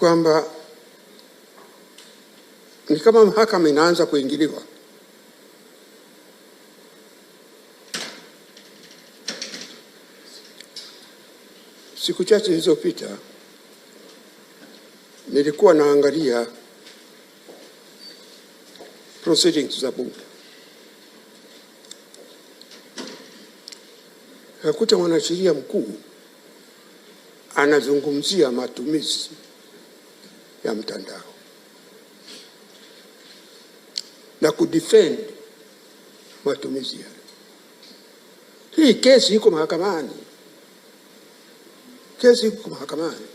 kwamba ni kama mahakama inaanza kuingiliwa. Siku chache zilizopita nilikuwa naangalia proceedings za Bunge, nakuta mwanasheria mkuu anazungumzia matumizi ya mtandao na kudefend matumizi ya Hii kesi iko mahakamani, kesi iko mahakamani,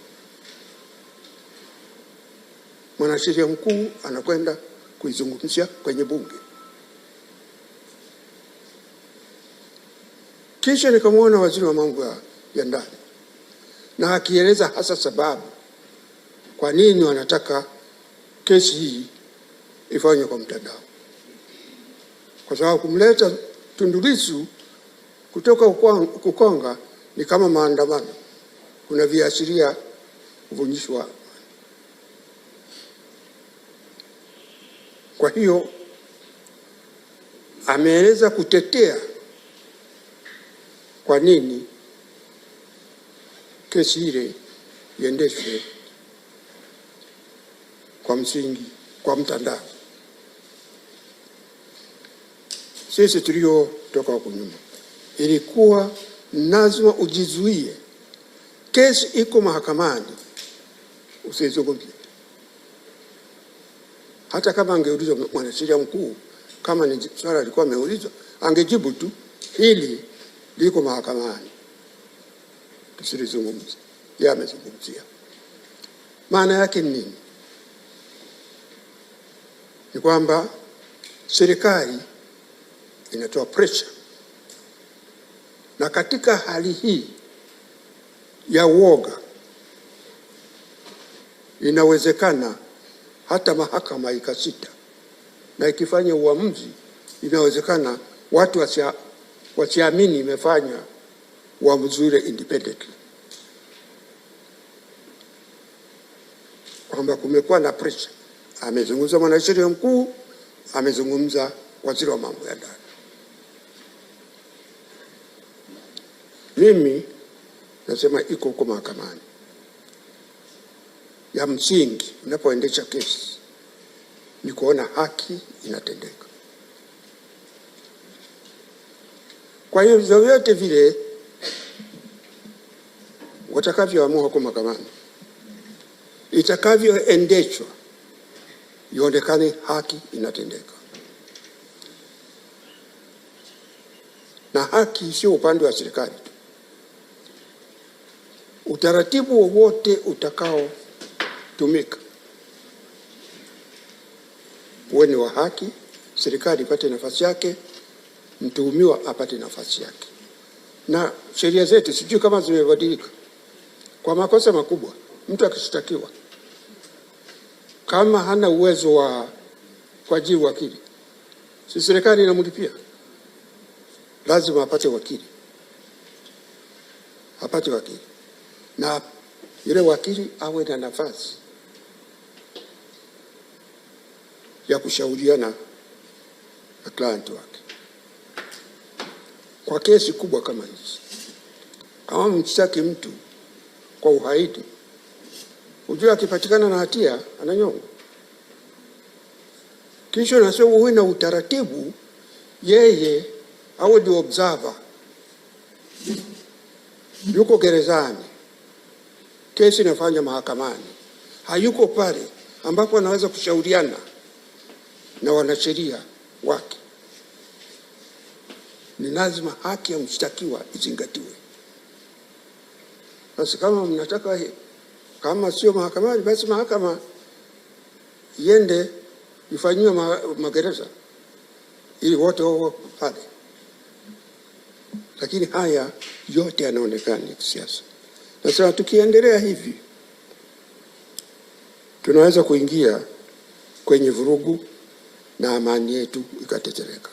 mwanasheria mkuu anakwenda kuizungumzia kwenye bunge. Kisha nikamwona waziri wa mambo ya ndani na akieleza hasa sababu kwa nini wanataka kesi hii ifanywe kwa mtandao, kwa sababu kumleta Tundu Lissu kutoka Ukonga ni kama maandamano, kuna viashiria kuvunjishwa. Kwa hiyo ameeleza kutetea kwa nini kesi ile iendeshwe kwa msingi kwa mtandao. Sisi toka huko nyuma ilikuwa lazima ujizuie, kesi iko mahakamani usizungumzie. Hata kama angeulizwa mwanasheria mkuu, kama ni swala alikuwa ameulizwa, angejibu tu hili liko mahakamani, tusilizungumze. Yeye amezungumzia, maana yake nini? ni kwamba serikali inatoa pressure, na katika hali hii ya uoga inawezekana hata mahakama ikasita, na ikifanya uamuzi inawezekana watu wasia, wasiamini imefanya uamuzi ule independently, kwamba kumekuwa na pressure amezungumza mwanasheria mkuu, amezungumza waziri wa mambo ya ndani. Mimi nasema iko huko mahakamani. Ya msingi unapoendesha kesi ni kuona haki inatendeka. Kwa hiyo vyovyote vile watakavyoamua huko mahakamani, itakavyoendeshwa ionekane haki inatendeka, na haki sio upande wa serikali tu. Utaratibu wowote utakaotumika uwe ni wa haki, serikali ipate nafasi yake, mtuhumiwa apate nafasi yake. Na sheria zetu sijui kama zimebadilika kwa makosa makubwa, mtu akishtakiwa kama hana uwezo wa kuajiri wakili, si serikali inamlipia? Lazima apate wakili, apate wakili, na yule wakili awe na nafasi ya kushauriana na client wake kwa kesi kubwa kama hizi. Kama mshtaki mtu kwa uhaidi Ujue akipatikana na hatia ananyongwa. Kisha nasema huwe na utaratibu, yeye awe ndio observer, yuko gerezani, kesi inafanywa mahakamani, hayuko pale ambapo anaweza kushauriana na wanasheria wake. Ni lazima haki ya mshtakiwa izingatiwe. Basi kama mnataka kama sio mahakamani, basi mahakama iende ifanyiwe magereza ili wote wao pale. Lakini haya yote yanaonekana ni kisiasa. Nasema tukiendelea hivi tunaweza kuingia kwenye vurugu na amani yetu ikatetereka.